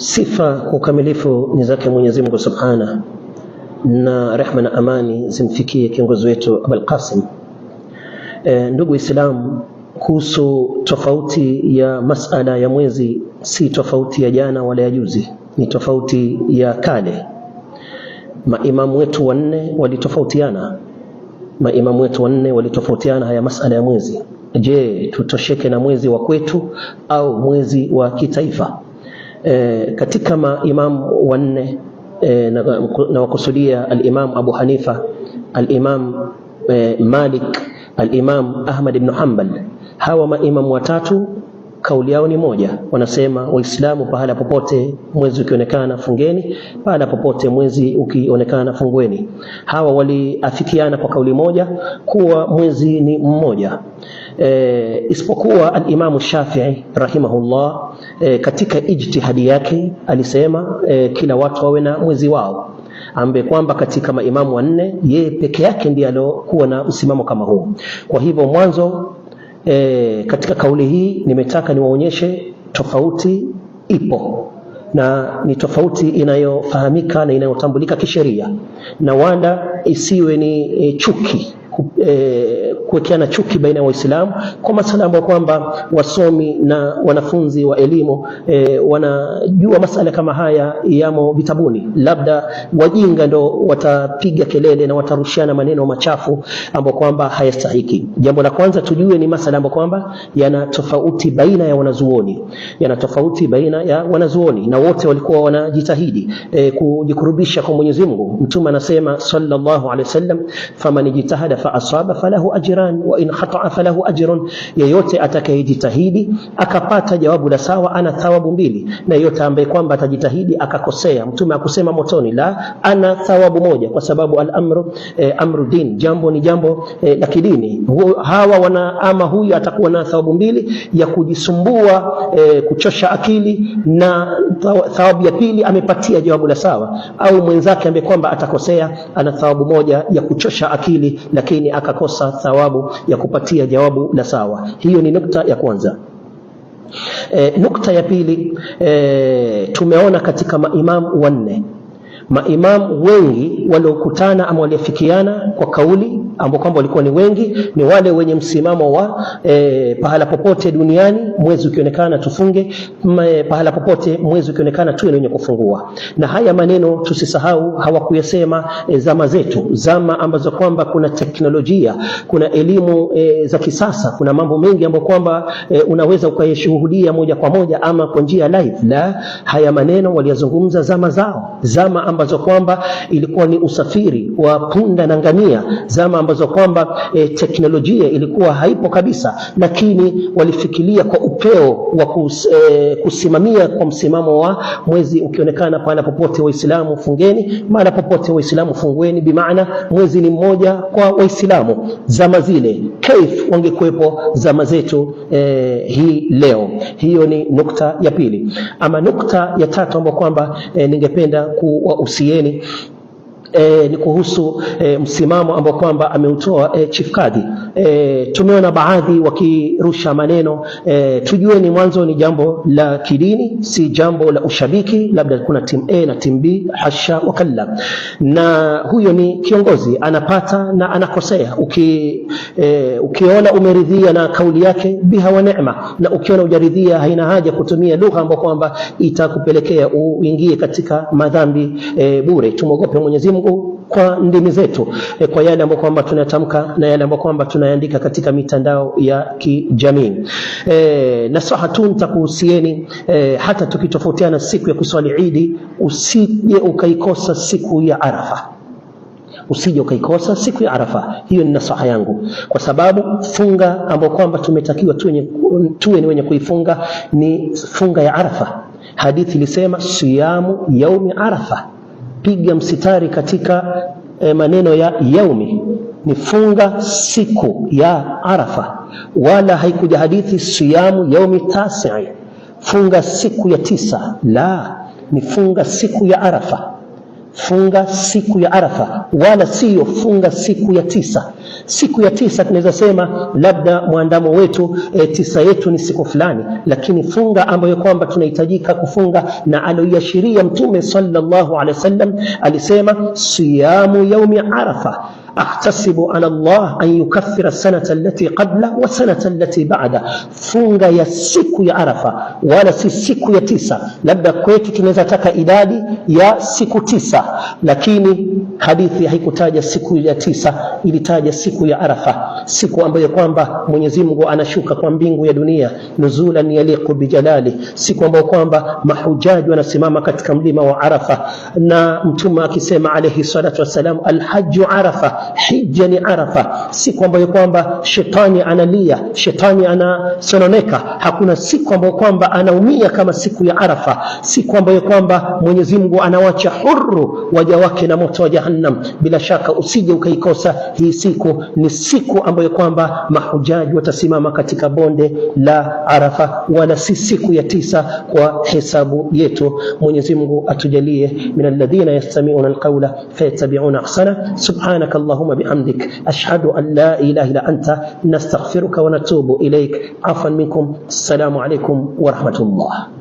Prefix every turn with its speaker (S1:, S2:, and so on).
S1: Sifa kwa ukamilifu ni zake Mwenyezi Mungu Subhana, na rehma na amani zimfikie kiongozi wetu Abul Qasim. E, ndugu waislam kuhusu tofauti ya masala ya mwezi, si tofauti ya jana wala ya juzi, ni tofauti ya kale. Maimamu wetu wanne walitofautiana, maimamu wetu wanne walitofautiana haya masala ya mwezi. Je, tutosheke na mwezi wa kwetu au mwezi wa kitaifa? e, katika maimamu wanne e, wakusudia na alimamu Abu Hanifa, alimamu e, eh, Malik, alimamu Ahmad ibn Hanbal. Hawa maimamu watatu kauli yao ni moja, wanasema Waislamu pahala popote mwezi ukionekana fungeni, pahala popote mwezi ukionekana fungweni. Hawa waliafikiana kwa kauli moja kuwa mwezi ni mmoja e, isipokuwa alimamu Shafi'i rahimahullah E, katika ijtihadi yake alisema e, kila watu wawe na mwezi wao, ambaye kwamba katika maimamu wanne yeye peke yake ndiye aliokuwa na msimamo kama huu. Kwa hivyo mwanzo, e, katika kauli hii nimetaka niwaonyeshe tofauti ipo na ni tofauti inayofahamika na inayotambulika kisheria, na wala isiwe ni e, chuki e, kuwekeana chuki baina ya Waislamu kwa masala ambayo kwamba wasomi na wanafunzi wa elimu e, wanajua masala kama haya yamo vitabuni. Labda wajinga ndo watapiga kelele na watarushiana maneno machafu ambayo kwamba hayastahiki. Jambo la kwanza tujue ni masala ambayo kwamba yana tofauti baina ya wanazuoni, yana tofauti baina ya wanazuoni, na wote walikuwa wanajitahidi e, kujikurubisha kwa Mwenyezi Mungu. Mtume anasema sallallahu alaihi wasallam, faman jitahada fa asaba falahu ajran wa in khata'a falahu ajrun, yeyote atakayejitahidi akapata jawabu la sawa ana thawabu mbili, na yeyote ambaye kwamba atajitahidi akakosea, mtume akusema motoni, la ana thawabu moja, kwa sababu al-amru eh, amru din, jambo ni jambo eh, la kidini. Hawa wana ama huyu atakuwa na thawabu mbili ya kujisumbua eh, kuchosha akili, na thawabu ya pili amepatia jawabu la sawa, au mwenzake ambaye kwamba atakosea ana thawabu moja ya kuchosha akili lakini akakosa thawabu ya kupatia jawabu la sawa. Hiyo ni nukta ya kwanza. E, nukta ya pili e, tumeona katika maimamu wanne maimamu wengi waliokutana ama waliofikiana kwa kauli ambao kwamba walikuwa ni wengi ni wale wenye msimamo wa e, pahala popote duniani mwezi ukionekana tufunge, e, pahala popote mwezi ukionekana tuwe wenye kufungua. Na haya maneno tusisahau, hawakuyasema e, zama zetu, zama ambazo kwamba kuna teknolojia, kuna elimu e, za kisasa, kuna mambo mengi ambayo kwamba e, unaweza ukayashuhudia moja kwa moja ama kwa njia live. na haya maneno waliyazungumza zama zao, zama ambazo kwamba ilikuwa ni usafiri wa punda na ngamia, zama ambazo kwamba e, teknolojia ilikuwa haipo kabisa, lakini walifikiria kwa upeo wa kus, e, kusimamia kwa msimamo wa mwezi ukionekana pahala popote. Waislamu fungeni, maana popote Waislamu fungueni, bimaana mwezi ni mmoja kwa Waislamu. Zama zile kaif wangekuwepo zama zetu e, hii leo. Hiyo ni nukta ya pili. Ama nukta ya tatu ambayo kwamba e, ningependa kuwa siene E, ni kuhusu e, msimamo ambao kwamba ameutoa e, Chief Kadhi. E, tumeona baadhi wakirusha maneno e, tujue ni mwanzo ni jambo la kidini, si jambo la ushabiki, labda kuna timu A na timu B, hasha wakalla. Na huyo ni kiongozi anapata na anakosea. Uki, e, ukiona umeridhia na kauli yake biha wa neema, na ukiona ujaridhia haina haja kutumia lugha ambayo kwamba itakupelekea uingie katika madhambi e, bure. Tumogope Mwenyezi Mungu. Mungu kwa ndimi zetu, e, kwa yale ambayo kwamba tunatamka na yale ambayo kwamba tunaandika katika mitandao ya kijamii. E, eh, nasaha tu nitakuhusieni, e, hata tukitofautiana siku ya kuswali Idi, usije ukaikosa siku ya Arafa usije ukaikosa siku ya Arafa. Hiyo ni nasaha yangu, kwa sababu funga ambayo kwamba tumetakiwa tuwe ni wenye kuifunga ni funga ya Arafa. Hadithi ilisema siyamu yaumi Arafa piga msitari katika e, maneno ya yaumi ni funga siku ya Arafa, wala haikuja hadithi siyamu yaumi tasii, funga siku ya tisa. La, ni funga siku ya Arafa funga siku ya Arafa, wala siyo funga siku ya tisa. Siku ya tisa tunaweza sema labda mwandamo wetu e, tisa yetu ni siku fulani, lakini funga ambayo kwamba tunahitajika kufunga na aloiashiria Mtume sallallahu alaihi wasallam alisema siyamu yaumi Arafa ahtasibu ala Allah an yukaffira sanata allati qabla wa sanata allati baada, funga ya siku ya Arafa wala si siku ya tisa. Labda kwetu tunaweza taka idadi ya siku tisa, lakini hadithi haikutaja siku ya tisa, ilitaja siku ya Arafa, siku ambayo kwamba Mwenyezi Mungu anashuka kwa mbingu ya dunia, nuzulan yaliqu bijalali, siku ambayo kwamba mahujaji wanasimama katika mlima wa Arafa na Mtume akisema alayhi salatu wassalam, alhajju arafa hija ni Arafa, siku ambayo kwamba shetani analia, shetani anasononeka. Hakuna siku ambayo kwamba anaumia kama siku ya Arafa, siku ambayo kwamba Mwenyezi Mungu anawacha huru waja wake na moto wa Jahannam. Bila shaka usije ukaikosa hii siku. Ni siku ambayo kwamba mahujaji watasimama katika bonde la Arafa, wala si siku ya tisa kwa hesabu yetu. Mwenyezi Mungu atujalie min alladhina yastami'una alqawla fayattabi'una ahsana subhanaka اللهم بحمدك أشهد أن لا إله إلا أنت نستغفرك ونتوب إليك عفوا منكم السلام عليكم ورحمة الله